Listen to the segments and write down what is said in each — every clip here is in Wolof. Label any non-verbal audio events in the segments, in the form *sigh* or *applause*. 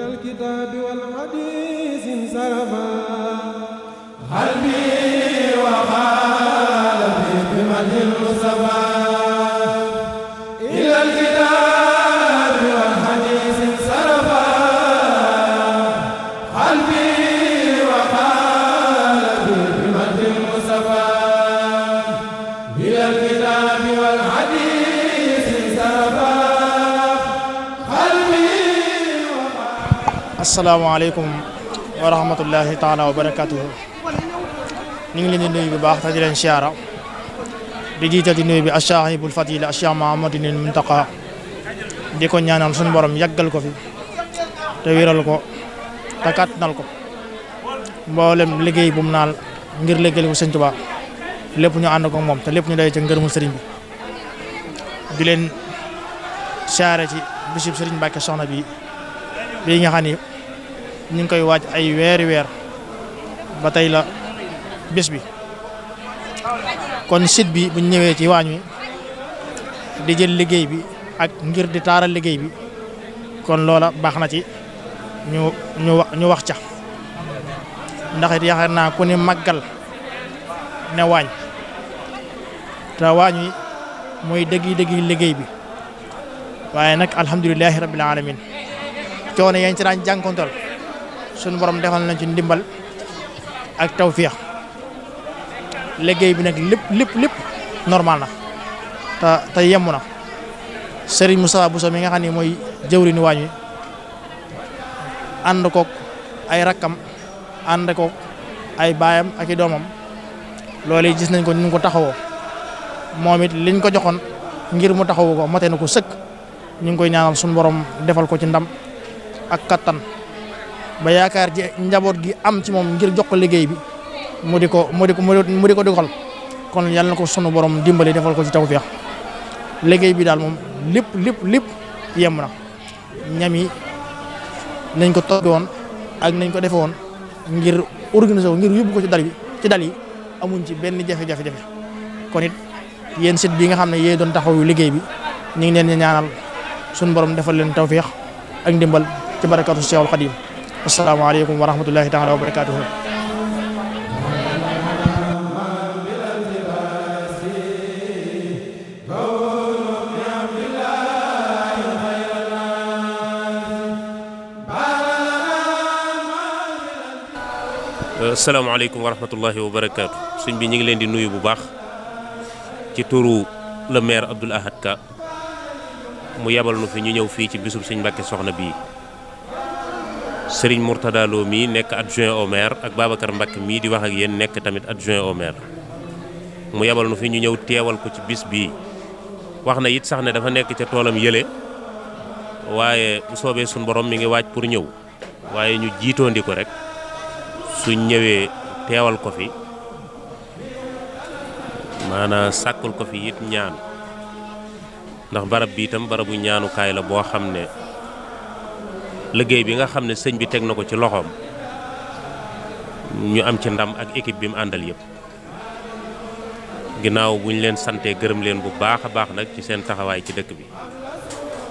إلى الكتاب والحديث انصرفا asalaamaaleykum wa rahmatullahi taala wa barakatuhu ñu ngi leen di nuyu bu baax te di leen siyaara di jiital di nuyu bi asaahibul fadila Cheikh Mahamadul Muntaqa di ko ñaanal suñu borom yàggal ko fi te wéral ko te kàttanal ko mboolem liggéey bu mu naal ngir liggéey ko Sëñ Tuubaa lépp ñu ànd ko moom te lépp ñu day ca ngërëmu sëriñ bi di leen siyaare ci bisib sëriñ Mbàkke soxna bi bii nga xam ni ñu ngi koy waaj ay weeri weer ba tey la bés bi kon sit bi bu ñëwee ci waañ wi di jël liggéey bi ak ngir di taaral liggéey bi kon loola baax na ci ñu wax ca ndax it yaakaar naa ku ne màggal ne waañ te waañ wi mooy dëggi dëggi liggéey bi waaye nag alhamdulilahi rabbil alamin coono yañ ci daan jànkontol sun borom defal na ci ndimbal ak tawfiq liggey bi nak lepp lepp lepp normal na ta ta yemu na Serigne Moustapha Bousso mi nga xani moy jeewrini wañu and ko ay rakam and ko ay bayam ak domam lolé gis nañ ko ñu ko taxawoo momit liñ ko joxon ngir mu taxawu ko na ko sëkk ñu ngi koy ñaanal sunu borom defal ko ci ndam ak katan ba yaakaar ji njaboot gi am ci moom ngir jox ko liggéey bi mu di ko mu di ko mu di ko dogal kon yàlla na ko sunu borom dimbali defal ko ci tawfeex liggéey bi daal moom lépp lépp lépp yem na ñam yi nañ ko togge woon ak nañ ko defe woon ngir organiser wu ngir yóbbu ko ci dal bi ci dal yi amuñ ci benn jafe-jafe jafe kon it yéen sit bi nga xam ne yéen doon taxawu liggéey bi ñu ngi leen di ñaanal sunu borom defal leen tawfeex ak ndimbal ci barakatu Seexul Xadiim asalaamaaleykum wa rahmatullahi taala wa barakaatuhu euh, salaamaaleykum wa rahmatullahi wa barakaatu sëñ bi ñu ngi leen di nuyu bu baax ci turu le maire Abdoul Ahad Ka mu yebal nu fi ñu ñëw fii ci bisub sëñ Mbàkke soxna bii Serigne Mourtada Lo mii nekk adjoint au maire ak Babacar Mbacke mii di wax ak yéen nekk tamit adjoint au maire mu yebal nu fi ñu ñëw teewal ko ci bis bii wax na it sax ne dafa nekk ca toolam yële waaye bu soobee suñ borom mi ngi waaj pour ñëw waaye ñu jiitoondi ko rek suñ ñëwee teewal ko fi maanaa sàkkul ko fi it ñaan ndax barab bi itam barabu ñaanukaay la boo xam ne. liggéey bi nga xam ne sëñ bi teg na ko ci loxoom ñu am ci ndam ak équipe bi mu àndal yëpp ginnaaw bu ñu leen santee gërëm leen bu baax a baax nag ci seen taxawaay ci dëkk bi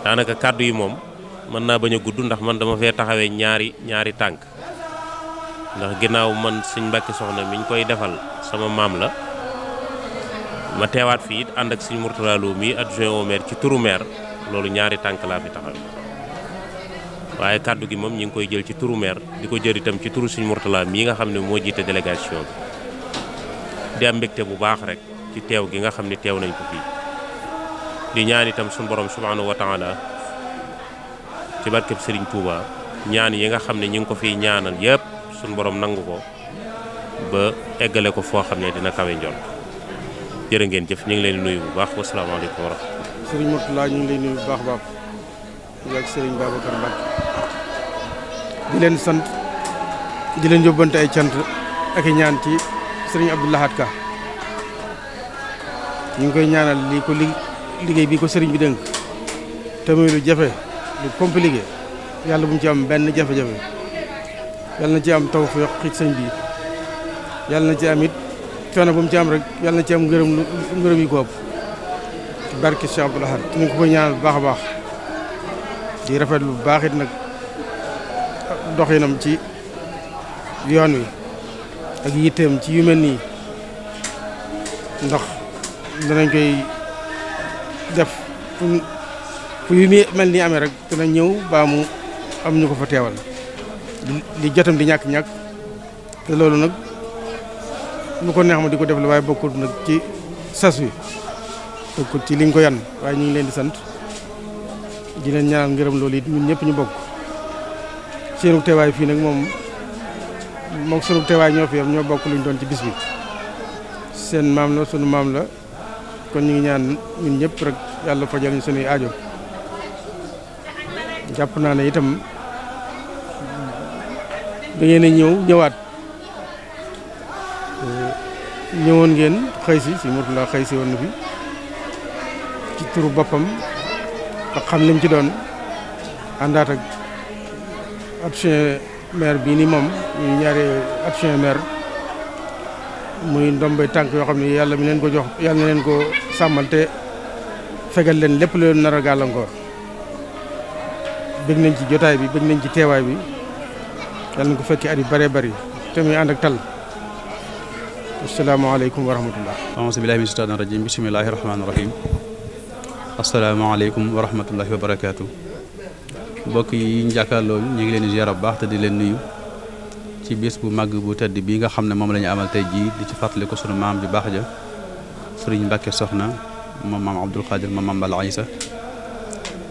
daanaka kàddu yi moom mën naa bañ a gudd ndax man dama fee taxawee ñaari ñaari tànk ndax ginnaaw man suñ mbàkki soxna miñ koy defal sama maam la ma teewaat fii it ànd ak suñ Mourtala Lo mii adjoint au ci turu maire loolu ñaari tànk laa fi taxawee. waaye kàddu gi moom ñi ngi koy jël ci turu maire di ko jël itam ci turu suñu Mourtala mii nga xam ne moo jiite délégation bi di am mbégte bu baax rek ci teew gi nga xam ne teew nañ ko fii di ñaan itam suñu borom subhanahu wa taala ci barkeb Serigne Touba ñaan yi nga xam ne ñi ngi ko fiy ñaanal yépp suñu borom nangu ko ba eggale ko foo xam ne dina kawe njort jërë ngeen jëf ñu ngi leen nuyu bu baax wasalaamaaleykum wa rahmatulah. Serigne Mourtala ñu ngi lay nuyu bu baax a baax. Serigne Babacar Mbacke di leen sant di leen yóbbante ay cant ak i ñaan ci sëriñ Abdou Lahad Ka ñu ngi koy ñaanal li ko liggéey bi ko sëriñ bi dénk te muy lu jafe lu compliqué yàlla bu mu ci am benn jafe-jafe yàlla na ci am tawfeex ci sëñ bi yàlla na ci am it coono bu mu ci am rek yàlla na ci am ngërëm ngërëm yi ko ëpp barke Cheikh Abdou Lahad ñu koy ñaanal bu baax a baax di rafet lu baaxit it nag yi doxinam ci yoon wi ak yitteem ci yu mel nii ndax danañ koy def fu yu mel nii amee rek dana ñëw baa mu am ñu ko fa teewal li jotam di ñàkk-ñàkk te loolu nag nu ko neex ma di ko def la waaye bokkul nag ci sas wi bokkul ci liñ ko yan waaye ñu ngi leen di sant di leen ñaanal loolu it ñun ñëpp ñu bokk seenu teewaay fii nag moom moom sunu teewaay ñoo fi am ñoo bokk luñ doon ci bis seen maam la sunu maam la kon ñu ngi ñaan ñun ñëpp rek yàlla fajal ñu sunuy aajo jàpp naa ne tam da ngeen a ñëw ñëwaat eh, ñëwoon ngeen xëy si si Mourtala xëy si woon na ci turu boppam ak xam lim ci doon àndaat adjoint maire bii nii moom ñuy ñaari adjoint maire muy ndombay tànk yoo xam ne yàlla mi leen ko jox yàlla na leen ko sàmmal te fegal leen lépp lu leen nar a gàllankoor bëgg nañ ci jotaay bi bëgg nañ ci teewaay bi yàlla na ko fekkee at yu bëree te muy ànd ak tal asalaamaaleykum wa rahmatullah aousu billahi min shaytaani rajim bismillahi rahmaani wa barakaatu mbokk yi ñu jàkkaarloo ñu ngi leen di ziar bu baax te di leen nuyu ci bis bu màgg bu tedd bi nga xam ne moom lañu ñu amal tey jii di ci fàttali ko sunu maam ju baax ja sëriñ Mbàkke Soxna moom maam Abdul Xaadir moom maam Bala Isa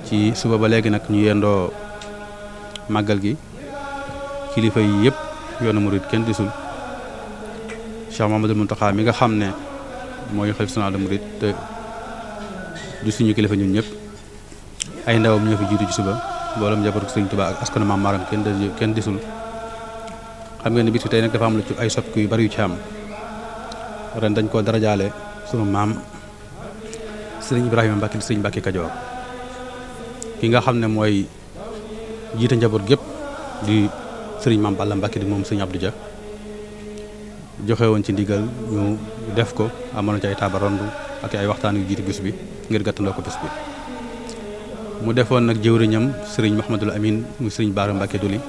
ci suba ba léegi nag ñu yendoo màggal gi kilifa yi yëpp yoonu murid kenn disul Cheikh Mamadou Muntaxa mi nga xam ne mooy xalif sanaal murid te du suñu kilifa ñun ñëpp ay ndawam ñoo fi jiitu ci suba mboolem njabootu sëriñ Tuubaa ak askanu maam maaram kenn kenn desul xam ngeen ne bis bi tey dafa am lu ci ay soppiku yu bari yu ci am ren dañ koo darajaale sunu maam sëriñ Ibrahima Mbacke sëriñ Mbacke Kajoor ki nga xam ne mooy jiite njaboot gépp di sëriñ maam Balla Mbacke di moom sëriñ Abdou Dia joxe woon ci ndigal ñu def ko amoon ci ay taaba rondu ak ay waxtaan yu jiite bis bi ngir gàttandoo ko bis bi. mu defoon nag jëwriñam sëriñ Mouhamadul Amin mu sëriñ Baara Mbacke Doli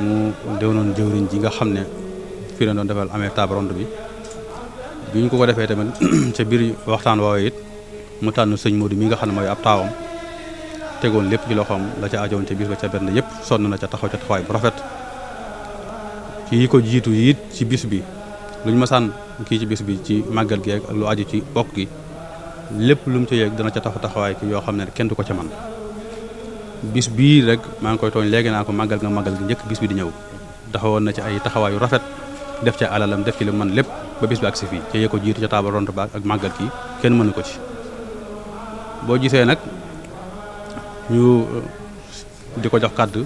mu dewnoon jëwriñ ji nga xam ne fii la doon defal amee table ronde bi bi ko ko defee tamit *clears throat* ca biir waxtaan woowee it mu tànn sëñ Modou mi nga xam ne mooy ab taawam tegoon lépp ci loxoom la ca ajoon ca bis ba ca benn yëpp sonn na ca taxaw ca taxawaay bu rafet kii ko jiitu it ci bis bi luñ masaan kii ci bis bi ci màggal gi ak lu aju ci bokk gi. lepp lu mu ca yegg dana ca taxaw taxaway ki yo xamne kenn du ko ci man bis bi rek ma ngi koy togn legi naa ko màggal nga magal gi ñek bis bi di ñew taxawon na ci ay taxaway yu rafet def ci alalam def ci lu man lepp ba bis bi ak si ci yeko yee ci jiitu ca taabal ak magal ki kenn mënu ko ci bo gisee nak ñu diko jox kaddu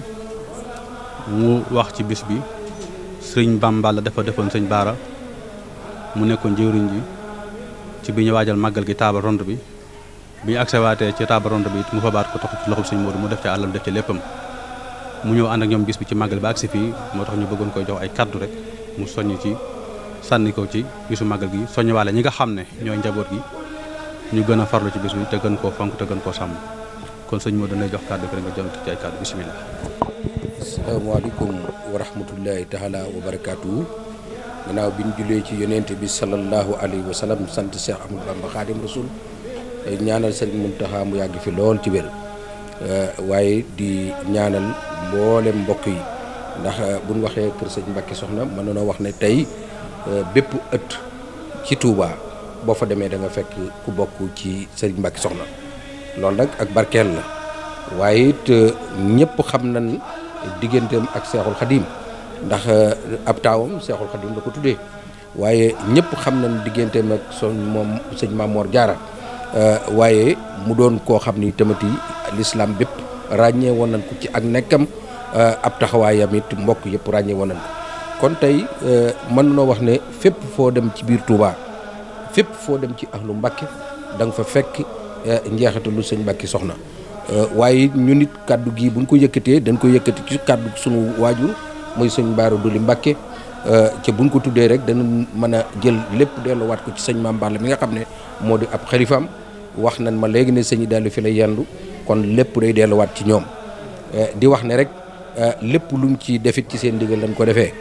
mu wax ci bis bi serigne bamba la dafa defon serigne bara mu nekkon jëwriñ ji ci bi ñu waajal màggal gi table ronde bi bi ñu accès waatee ci table ronde bi mu fa baat ko tax ci loxob sëñ Modou mu def ci àllam def ci léppam mu ñëw ànd ak ñoom gis bi ci màggal ba agsi fii moo tax ñu bëggoon koy jox ay kàddu rek mu soññ ci sànni ko ci gisu màggal gi soñ soññwaale ñi nga xam ne ñooy njaboot gi ñu gën a farlu ci bis bi te gën koo fonk te gën koo sàmm kon sëñ Modou lay jox kàddu rek nga jël ci ay kàddu bisimilah. asalaamaaleykum wa rahmatullahi taala wa barakaatu. ginnaaw bi ñu julee ci yonent bi sallallahu alayhi wa sallam sant Cheikh Ahmadou Bamba Khadim Rasoul ñaanal Serigne Mountakha mu yàgg fi lool ci wér euh, waaye di ñaanal mboolem mbokk yi ndax euh, bu ñu waxee kër sëñ Mbacke soxna mën na wax ne tey euh, bépp ci Touba boo fa demee da fekk ku bokk ci sëriñ Mbacke soxna loolu nag ak barkeel la waaye it xam na digganteem ak Seexul Xadim ndax euh, ab taawam Seexul Xadim la ko tuddee waaye ñëpp xam nañ digganteem ak son moom sëñ Mamor Diarra euh, waaye mu doon koo xam ni tamit l'islam bépp ràññee woon nañ ko ci ak nekkam euh, ab taxawaayam it mbokk yëpp ràññee woon nañ kon tey mën noo wax ne fépp foo dem ci biir tuubaa fépp foo dem ci ahlu lu da danga fa fekk njeexitalu sëñ Mbàkke soxna waaye ñu nit kàddu gii bu ñu ko yëkkatee dañ ko yëkkati ci kàddu sunu waajur muy sëñ Baara Doli Mbacke euh, ca buñ ko tuddee rek dana mën a jël lépp delluwaat ko ci sëñ Maam Balla mi nga xam ne moo di ab xarifaam wax nañ ma léegi ne sëñ Daalu fi la yendu kon lépp day delluwaat ci ñoom euh, di wax ne rek euh, lépp luñ ci defit ci seen ndigal lañ ko defee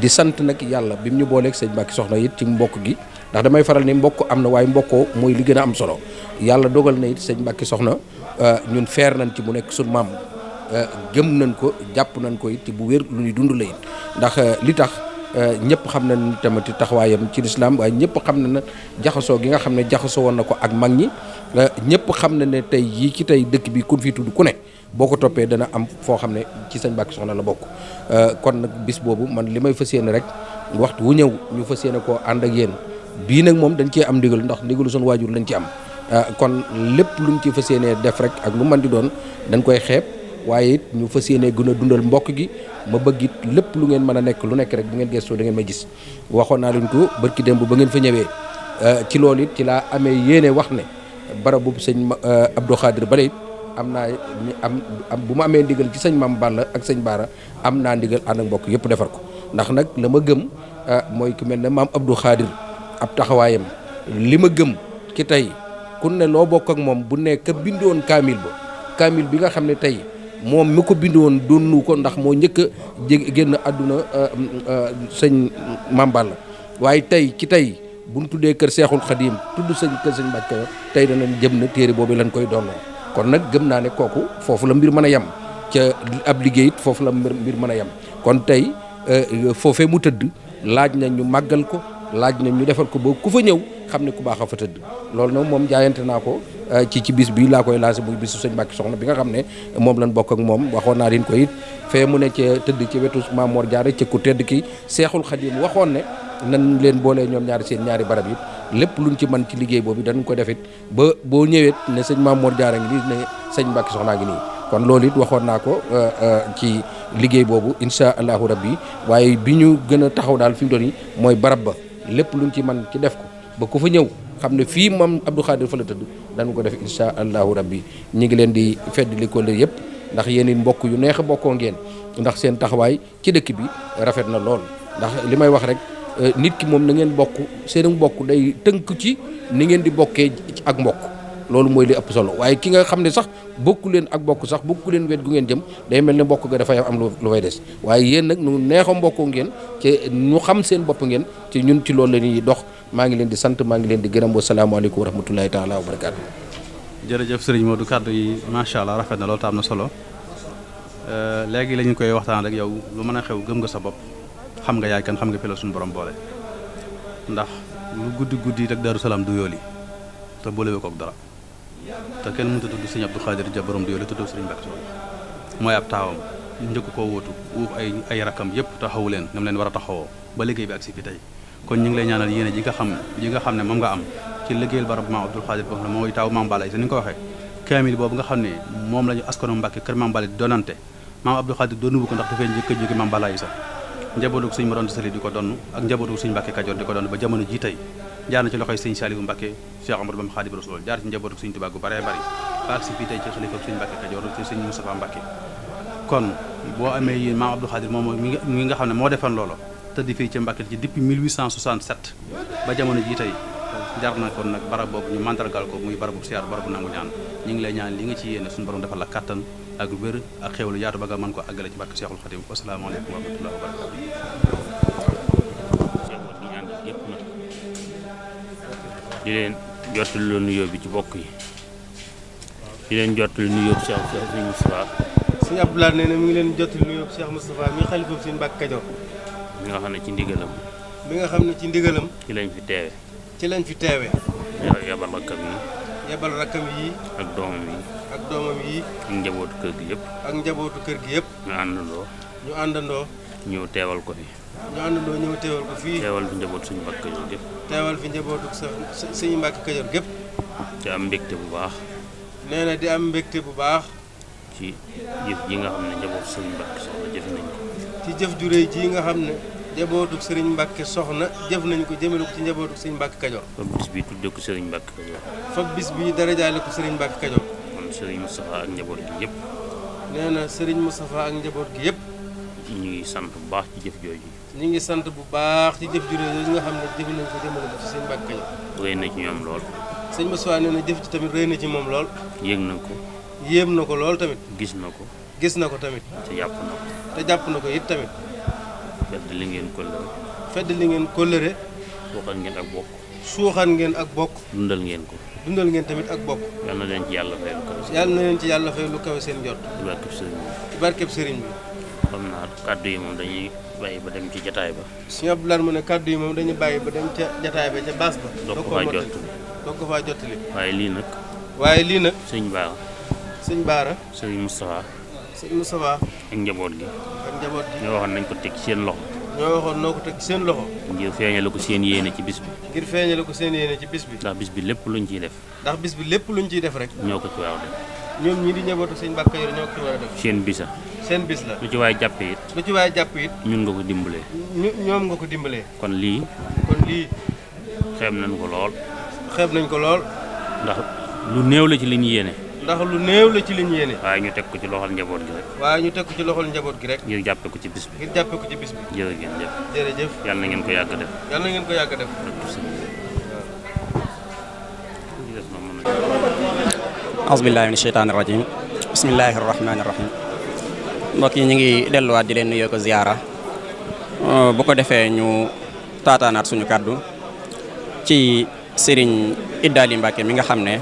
di sant nag yàlla bi mu ñu booleek sëñ Mbacke soxna it ci mbokk gi ndax damay faral ni mbokk am na waaye mbokkoo mooy li gën a am solo yàlla dogal na it sëñ Mbacke soxna ñun feer nañ ci mu nekk suñ maam jëm euh, nañ ko jàpp nañ ko it bu wér lu ñuy dund la it ndax euh, li tax euh, ñëpp xam nañ tamit taxawaayam ci lislaam waaye ñëpp xam na ne jaxasoo gi nga xam ne jaxasoo woon na ko ak mag ñi ñëpp xam na ne tey yii ci tey dëkk bi kun fi tudd ku nekk boo ko toppee dana am foo xam ne ci sëñ Mbàkke Soxna la bokk kon nag bis boobu man li may fas yéene rek waxtu wu ñëw ñu fas yéene koo ànd ak yéen bii nag moom dañ cee am ndigal ndax ndigalu suñu waajur lañ ci am kon lépp lu mu ci fas yéenee def rek ak lu man di doon dañ koy xeeb waye it ñu fassiyene gëna dundal mbokk gi ma bëgg it lepp lu ngeen mëna a nekk lu nekk rek bu ngeen gesso da ngeen may gis waxon na leen ko barki dembu ba ngeen fa euh, ci lool it ci la amé yene wax ne barabu señ euh, Abdou Khadir balé amna am am buma amé ndigal ci señ Mam Balla ak señ bara am ndigal and ak mbokk yépp défar ko ndax nak lama ma gëm euh, moy ku mel mam Abdou Khadir ab taxawayam lima gëm ki tay ku ne lo bok ak mom bu ka bindoon kamil bo kamil bi nga tay moom mi ko bind woon doonu ko ndax moo njëkk a génn àdduna euh, euh, sëñ Mambal waaye tey ci tey bu ñu tuddee kër Seexul Xadiim tudd sëñ kër sëñ Mbàkke tey danañ jëm na téere boobu lañ koy doon kon nag gëm naa ne kooku foofu la mbir mën a yem ca ab liggéey foofu la mbir mën a yem kon tey euh, foofee mu tëdd laaj na ñu màggal ko. laaj na ñu defar ko ba ku fa ñëw xam ne ku baax a fa tëdd loolu na moom jaayante naa ko euh, ci ci bis bi laa koy lancé muy bisu sëñ Mbàkke soxna bi nga xam ne moom lañ bokk ak moom waxoon naa leen ko it fee mu ne ca tëdd ci wetu Maam Mor Jaara ci ku tëdd ki Seexul Xadiim waxoon ne nan leen boolee ñoom ñaari seen ñaari barab yi lépp luñ ci mën ci liggéey boobu dañ ko defit ba boo ñëwee ne sëñ Maam Mor Jaara ngi nii ne sëñ Mbàkke soxnaa ngi nii kon loolu it waxoon naa ko euh, euh, ci liggéey boobu incha allahu rabbi waaye bi ñu gën a taxaw daal fi mu doon yi mooy barab ba lépp lu luñ ci man ci def ko ba ku fa ñëw xam ne fii moom Abdou Khadir fa la tëdd dañ ko def insha allahu rabbi ñu ngi leen di fedd li ko yëpp ndax yéen mbokk yu neex a bokkoo ngeen ndax seen taxawaay ci dëkk bi rafet na lool ndax li may wax rek euh, nit ki moom na ngeen bokk seen mbokk day tënk ci ni ngeen di bokkee ak mbokk lolou moy li ëpp solo waye ki nga xam sax bokku leen ak bokku sax bokku leen wet gu ngeen jëm day melni ne ga dafa am lu way dess waye yeen nak nu neexo mbokkoo ngeen ci nu xam seen bop ngeen ci ñun ci lolou lañuy dox ma ngi leen di sante ma ngi leen di gërëm wa alaykum wa rahmatullahi taala wa barakaatu jërëjëf sëriñ Modou kaddu yi sha allah rafet na loolu tamna solo euh la lañ koy waxtaan rek yow lu mëna xew gëm nga sa bop xam nga yaay kan xam nga fi borom boole ndax lu gudd guddi rek daru salam du yoli te ko ak dara te kenn mënut a tudd sëñ Abdou Khadir ja borom Diole tuddoo sëriñ Mbacke Soxna mooy ab taawam njëkk koo wóotu wuuf ay ay rakam yëpp taxawu leen nam leen war a taxawoo ba liggéey bi ak si fi tey kon ñu ngi lay ñaanal yéene ji nga xam ji nga xam ne moom nga am ci liggéeyal barab maam Abdou Khadir boo xam ne mooy taaw boobu nga xam ne moom la ñu askanu Mbacke kër maam Balla donante maam Abdou Khadir doonubu ko ndax dafay njëkk a jóge maam Balla Issa njabootu sëñ Moronte ko donn ak njabootu tey jaar na ci loxoy sëñ Saliou Mbacke Cheikh Amadou Bamba Khadim Rasoul jaar ci njabootu sëñ Tuubaa gu baree bari ba ak si fii tey ci xalifa sëñ Mbacke Kajoor ci sëñ Moustapha Mbacke kon boo amee yéen maam Abdou Khadir moom mi nga xam ne moo defoon loolu tëdd fii ca Mbacke ci depuis 1867 ba jamono jii tey jar na kon nag barab boobu ñu mandargal ko muy barabu siyaar barabu nangu ñaan ñu ngi lay ñaan li nga ci yéene suñu borom defal la kattan ak wér ak xéwlu yaatu ba nga mën ko àggale ci barke Cheikhul Khadim wasalaamaaleykum wa rahmatullahi wa barakatuh di leen jottali lu nuyoo bi ci bokk yi di leen jottali nuyoo bi Cheikh Cheikh Moustapha. sëñ Abdou Lahad nee na mu ngi leen jottali nuyoo bi Cheikh Moustapha mi xalifam sëñ Mbàkke Kajoor. mi nga xam ne ci ndigalam. mi nga xam ne ci ndigalam. ci lañ fi teewe. ci lañ fi teewe. yabal rakkam yi. yabal rakkam yi. ak doomam yi. ak doomam yi. ak njabootu kër gi yëpp. ak njabootu kër gi yëpp. ñu àndandoo. ñu àndandoo. ñëw teewal ko fi. ñu àndandoo ñëw teewal fii. teewal fi njaboot suñu Mbàkke Kajoor gépp. teewal fi njabootu sa suñu Mbàkke Kajoor gépp. di am mbégte bu baax. nee na di am mbégte bu baax. ci jëf ji nga xam ne njabootu sëriñ Mbàkke soxna ci jëf ju réy ji nga xam ne njabootu sëriñ Mbàkke soxna jëf nañ ko jëmale ko ci njabootu sëriñ Mbàkke Kajoor. fab bis bi tudde ko sëriñ Mbàkke Kajoor. fab bis bi darajaale ko sëriñ Mbàkke Kajoor. kon sëriñ Moustapha ak njaboot gi yépp nee na sëriñ Moustapha ak njaboot gi yëpp. ngi sant bu baax ci jëf jooju. ñu ngi sant bu baax ci jëf jooju nga xam ne jëf nañ ko jëmale ko ci sëñ Mbàkke Kajoor. rëy na ci ñoom lool. sëñ Moussa nee na jëf ci tamit rëy na ci moom lool. yéeg na ko. yéem na ko lool tamit. gis na ko. gis na ko tamit. te jàpp na ko. te jàpp na ko tamit. fedd li ngeen kóllëre. fedd li ngeen kóllëre. suuxan ngeen ak bokk. suuxan ngeen ak bokk. dundal ngeen ko. dundal ngeen tamit ak bokk. yal na leen ci yàlla fay lu kawe seen. na leen ci yàlla fay lu kawe seen jot. barkeb sëriñ bi. barkeb sëriñ bi. xam naa kàddu yi moom dañuy bàyyi ba dem ci jataay ba. ne kàddu yi moom dañuy bàyyi ba dem ca jataay ba ca baas ba. doog ko faa jottali doog ko waaye lii nag. waaye lii nag. sëñ Baara. sëñ Baara. sëñ Moustapha. sëñ Moustapha. ak njaboot gi. ak ñoo waxoon nañ ko teg ci seen loxo. ñoo waxoon noo ko teg ci seen loxo. ngir feeñale ko seen yéene ci bis bi. ngir feeñale ko seen yéene ci bis bi. ndax bis bi lépp luñ ciy def. ndax bis bi lépp lu luñ ciy def rek. ñoo ko ci waaw def ñoom ñi di ñëwatu seen Mbàkke Kajoor ñoo ci wara def seen bisa seen bis la lu ci way jàpp lu ci way jàpp ñun nga ko dimbalé ñoom nga ko dimbalé kon li kon li xeeb nañ ko lool xeeb nañ ko lool ndax lu neew la ci liñ yéene ndax lu neew la ci liñ yéene way ñu tek ko ci loxol njabot gi rek way ñu tek ko ci loxol njabot gi rek ngir jappé ko ci bis bi ngir jappé ko ci bis bi jërëjëf jërëjëf yalla ngeen ko yagg def yalla ngeen ko yagg def asbillahi min sheytaani rajim bismillahi rahmaani rahim mbokk yi ñu ngi delluwaat di leen nuyoo ko ziyaara euh, bu ko defee ñu taataanaat suñu kàddu ci sëriñ Iddaali Mbàkke mi nga xam ne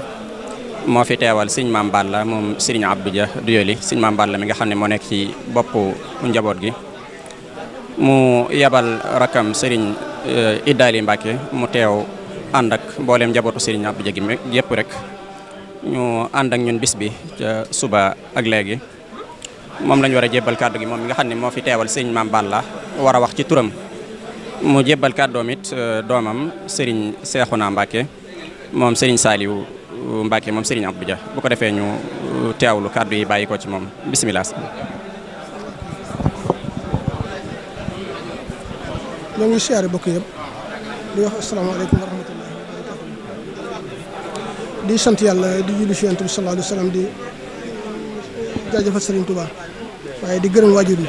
moo fi teewal sëñ Maam Balla moom sëriñ Abdou Dia Doyoly sëñ Maam Balla mi nga xam ne moo nekk ci boppu njaboot gi mu yabal rakam sëriñ euh, Iddaali Mbàkke mu Abdou Dia gi rek ñu ànd ak ñun bis bi ca suba ak léegi moom lañu war a jébbal kàddu gi moom mi nga xam ne moo fi teewal sëñ Maam Balla war a wax ci turam mu jébbal kàddoom it euh, doomam Serigne naa Mbacke moom Serigne Saliou Mbacke moom Serigne Abdou Dia bu ko defee ñu euh, teewlu kàddu yi bàyyi ko ci moom bisimilah. ñoo ngi siyaare di sant yalla di julli ci yonent sallallahu alaihi wasallam sallam di jaajëfal Serigne Touba waye di gërëm waajur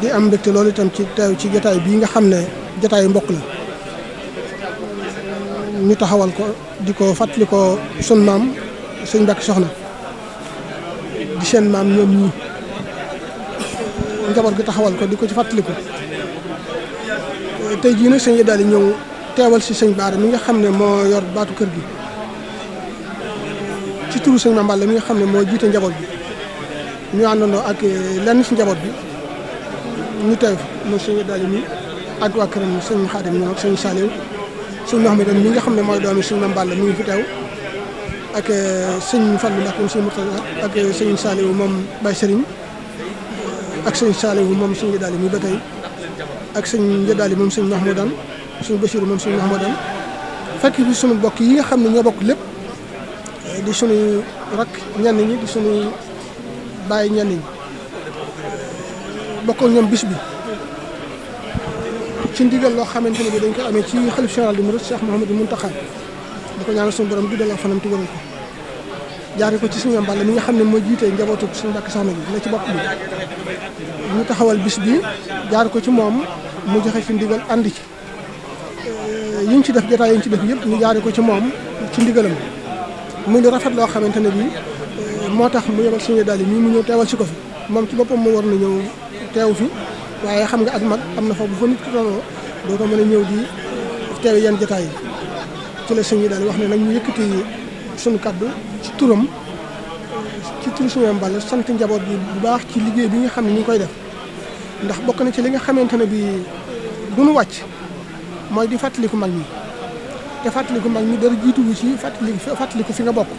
di am mbégte loolu itam ci taw ci jotaay bi nga xamne ne mbokk la ñu taxawal ko di ko ko sun mam serigne bak soxna di sen mam ñom ñi njaboot gi taxawal ko di ko ci fatli ko jii nag sëñ yi dal ñew teewal si sëñ Baara mi nga xam ne moo yor baatu kër gi ci turu sëñ Mame Balla mi nga xam ne moo jiite njaboot bi ñu àndandoo ak eh, lenn si njaboot bi ñu teew mooy sëñ Daali mi ak waa këram sëñ Xaadim ak sëñ Saliou sëñ Mouhamadou mi nga xam ne mooy doomi sëñ Mame Balla mi ngi fi teew ak eh, sëñ Fallou Mbacke sëñ Murtada ak eh, sëñ Saliou moom Baye Serigne ak sëñ Saliou moom sëñ Daali mi ba tey ak sëñ Daali moom sëñ Mahmoudane suñu Basiru moom suñu Mahamadan fekk bi suñu bokk yi nga xam ne ñoo bokk lépp di suñuy rakk ñenn ñi di suñuy bàyyi ñenn ñi bokk ñoom bis bi ci ndigal loo xamante ne bi dañ ko amee ci xalif général di murid Cheikh Mouhamadou Mountakha di ko ñaanal suñu borom guddal ak fanam tigaral ko jaare ko ci suñu mbàll mi nga xam ne moo jiitee njabootu suñu sax na bi la ci bopp bi ñu taxawal bis bi jaar ko ci moom mu joxe fi ndigal ànd ci yi ñu ci def jotaay yi ñu ci def yëpp ñu jaare ko ci moom ci ndigalam muy lu rafet loo xamante ne bii eh, moo tax mu yebal suñu daal yi mii mu ñëw teewal si ko fi moom ci boppam mu war na ñëw teew waaye xam nga ak mag am na fa bu fa nit mën a ñëw di eh, teew yenn jotaay yi ci la suñu wax ne nag ñu yëkkati suñu kaddu ci turam eh, ci turu suñu sant njaboot bi bu baax ci liggéey bi nga xam ne ñu ngi koy def ndax bokk na ci li nga xamante ne bii du nu wàcc. mooy di fàttaliku mag ñi te fàttaliku mag ñi dara jiituwu ci fàttali fàttaliku fi nga bokk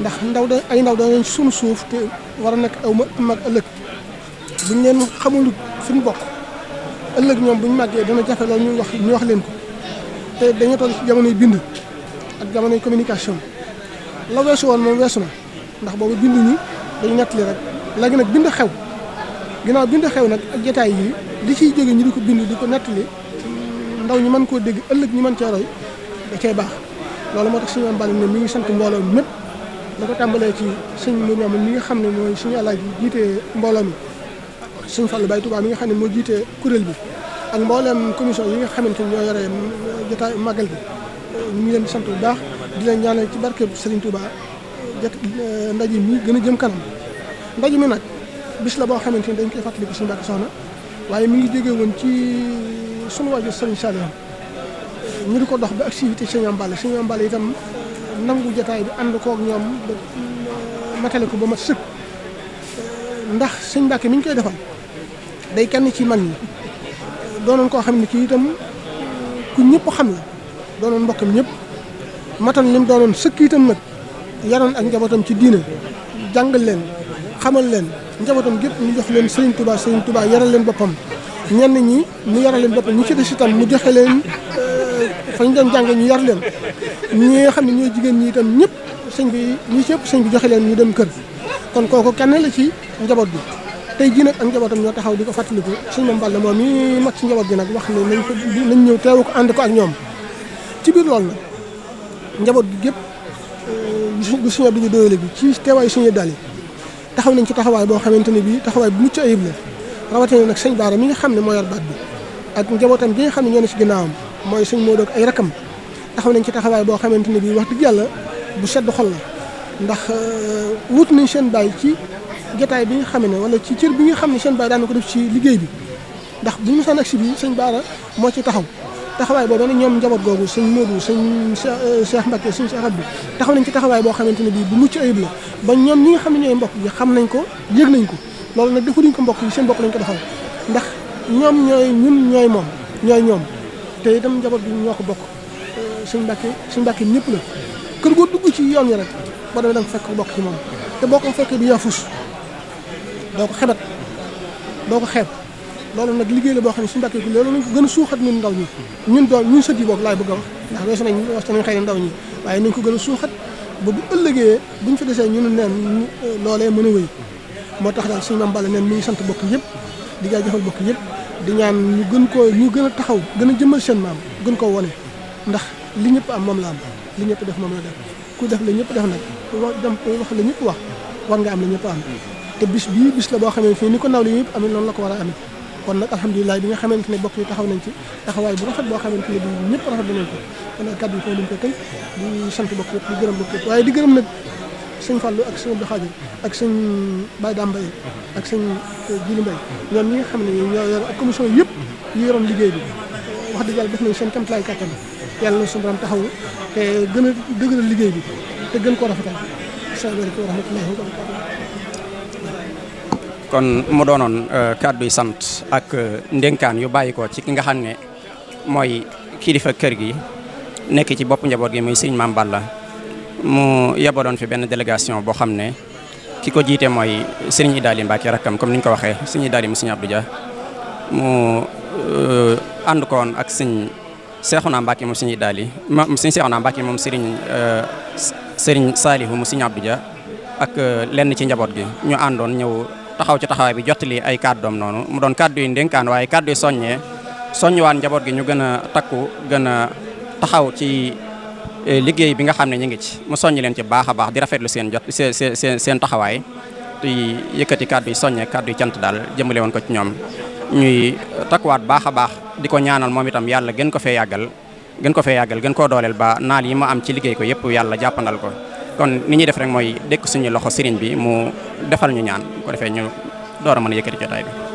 ndax ndaw de ay ndaw dañu sunu suuf te war a nekk aw ma mag ëllëg buñ leen xamul fi ñu bokk ëllëg ñoom bu ñu màggee dana jafe loolu ñu wax ñu wax leen ko te dañu toll ci jamonoy bind ak jamonoy communication la weesu woon moom weesu na ndax boobu bind ñi dañu nettali rek léegi nag bind xew ginnaaw bind xew nag ak jataay yi li ciy jóge ñu di ko bind di ko nettali ndaw ñi mën koo dégg ëllëg ñi mën cee roy da cay baax loolu moo tax suñu mbàll mi ngi sant mbooloo mi mépp la ko tàmbalee ci sëñ mu ñoom mi nga xam ne mooy suñu alaaj jiitee mbooloo mi suñ Fallu Baay Tuubaa mi nga xam ne moo jiitee kuréel bi ak mbooleem commission yi nga xamante ni ñoo yore jotaay màggal bi ñu ngi leen sant bu baax di leen ñaanal ci barke Serigne Touba jot eh, ndaje mi gën a jëm kanam ndaje mi nag bis la boo xamante ni dañ koy fàttaliku suñu barke soxna waaye mi ngi jóge woon ci suñu waajur sëriñ Saliou ñu di ko dox bi activité sëriñ Ambale sëriñ Ambale itam nangu jataay bi ànd koog ñoom ba euh, matale ko ba mat sëkk ndax sëñ Mbàkke mi koy defal day kenn ci mag ñi doonoon koo xam ne kii itam euh, ku ñëpp xam la doonoon mbokkam ñëpp matan lim doonoon sëkk itam nag yaroon ak njabootam ci diine jàngal leen xamal leen njabootam gépp ñu jox leen Sëriñ Tuubaa Sëriñ tubaa yaral leen boppam ñen ñi mu yara leen bop ñu ci des itam mu joxe leen euh, fañ dem jàng ñu yar leen ñi nga xam ne ñooy jigéen ñi itam ñëpp sëñ bi ñi ci ëpp sëñ bi joxe leen ñu dem kër kon kooku kenn la ci njaboot bi tey jii nag ak njabootam ñoo taxaw di ko fàttaliku suñ moom bàll moom mi mag ci njaboot gi nag wax ne nañ ko nañ ñëw teewu ko ànd ko ak ñoom ci biir loolu nag njaboot gi gépp gu suñu bi ñu doyale bi ci teewaayu suñu dali taxaw nañ ci taxawaay boo xamante ne bii taxawaay bu mucc ayib la rawatina nag sëñ Baara mi nga xam ne mooy yor baat bi ak njabootam gi nga xam ne ñoo ne si mooy sëñ Modou ak ay rakam taxaw nañ ci taxawaay boo xamante ne bii wax dëgg yàlla bu sedd xol la ndax euh, wut nañ seen baay ci jotaay bi nga xam ne wala ci cër bi nga xam ne seen baay na ko def ci liggéey bi ndax bu ñu saan ak si bi sëñ Baara moo ci taxaw taxawaay boobu nag ñoom njaboot googu sëñ Modou sëñ Cheikh euh, Mbacke sëñ Cheikh Abdou taxaw nañ ci taxawaay boo xamante ne bii bu mucc ayib la ba ñoom ñi nga xam ne ñooy mbokk yi xam nañ ko yëg nañ ko loolu nag defuñu ko mbokk yi seen mbokk lañ ko defal ndax ñoom ñooy ñun ñooy moom ñooy ñoom te itam njaboot bi ñoo ko bokk euh, suñu mbàkke suñ mbàkke ñëpp la kër goo dugg ci yoon yi rek boo demee da nga fekk bokk ci moom te boo ko fekkee bi yaa fus doo ko xebat doo ko xeeb loolu nag liggéey la boo xam ne suñu mbàkke bi loolu lañ ko gën a suuxat ñun ndaw ñi ñun doo ñun sët yi boobu laay bëgg a wax ndax weesu nañ weesu nañ ndaw ñi waaye nañ ko gën a suuxat ba bu ëllëgee buñ fa desee ñun neen euh, loolee mën wéy moo tax daal suñu maam Balla neen mi ngi sant bokk yëpp di jaajëfal bokk yëpp di ñaan ñu gën koo ñu gën a taxaw gën a jëmmal seen maam gën koo wone ndax li ñëpp am moom la am ñëpp def moom la def def la ñëpp def nag wax dem wax ñëpp wax war nga am la ñëpp am te bis bii bis la boo xamee ni ko naw li ñëpp amee noonu la ko war a amee kon nag alhamdulilah bi nga xamante ne bokk yi taxaw nañ ci taxawaay bu rafet boo xamante ne bi ñëpp rafet nañ ko kon nag kàddu sant bokk yëpp di gërëm bokk yëpp waaye di gërëm nag sëñ Fallou ak sëñ Abdou Khadir ak sëñ Baye Dame Mbaye ak sëñ eh, Djili Mbaye ñoom ñi nga ne ñoo yor ak commission yëpp yi yoroon liggéey bi wax dëgg yàlla def nañ seen kéemtalaay kàttan yàlla suñu borom taxaw a dëgëral liggéey bi te gën ko rafetal salaamaaleykum rahmatullahi wa barakatuh kon mu doonoon eh, kàddu yi sant ak eh, ndénkaan yu bàyyi ko ci ki nga xam ne mooy kilifa kër gi nekk ci bopp njaboot gi muy Balla mu yabaloon fi benn délégation boo xam ne ki ko jiite mooy Serigne Idaali Mbacke rakkam comme ni ko waxee Serigne Idaali mu Serigne mu euh, ànd koon ak Serigne Seexuna Mbacke mu Serigne Idaali moom Serigne Seexuna Mbacke moom Serigne Serigne Saalihu mu Serigne Abdou Dia ak euh, lenn ci njaboot gi ñu àndoon ñëw taxaw ci taxawaay bi jottali ay kàddoom noonu mu doon kàddu yi ndénkaan waaye kàddu yi soññee soññuwaan njaboot gi ñu gën a takku gën a taxaw ci. Eh, liggéey bi nga xam ne ñu ngi ci mu soññ leen ci baax a baax di seen jot seen seen seen taxawaay di yëkkati kàddu yi soññe kàddu yi cant daal jëmale woon ko ci ñoom ñuy eh, takkuwaat baax a baax di ko ñaanal moom itam yàlla gën ko fee yàggal gën ko fee yàggal gën koo dooleel ba naal yi ma am ci liggéey ko yëpp yàlla jàppandal ko kon ni ñuy def rek mooy dékk suñu loxo sëriñ bi mu defal ñu ñaan bu ko defee ñu door a mën a yëkkati jotaay bi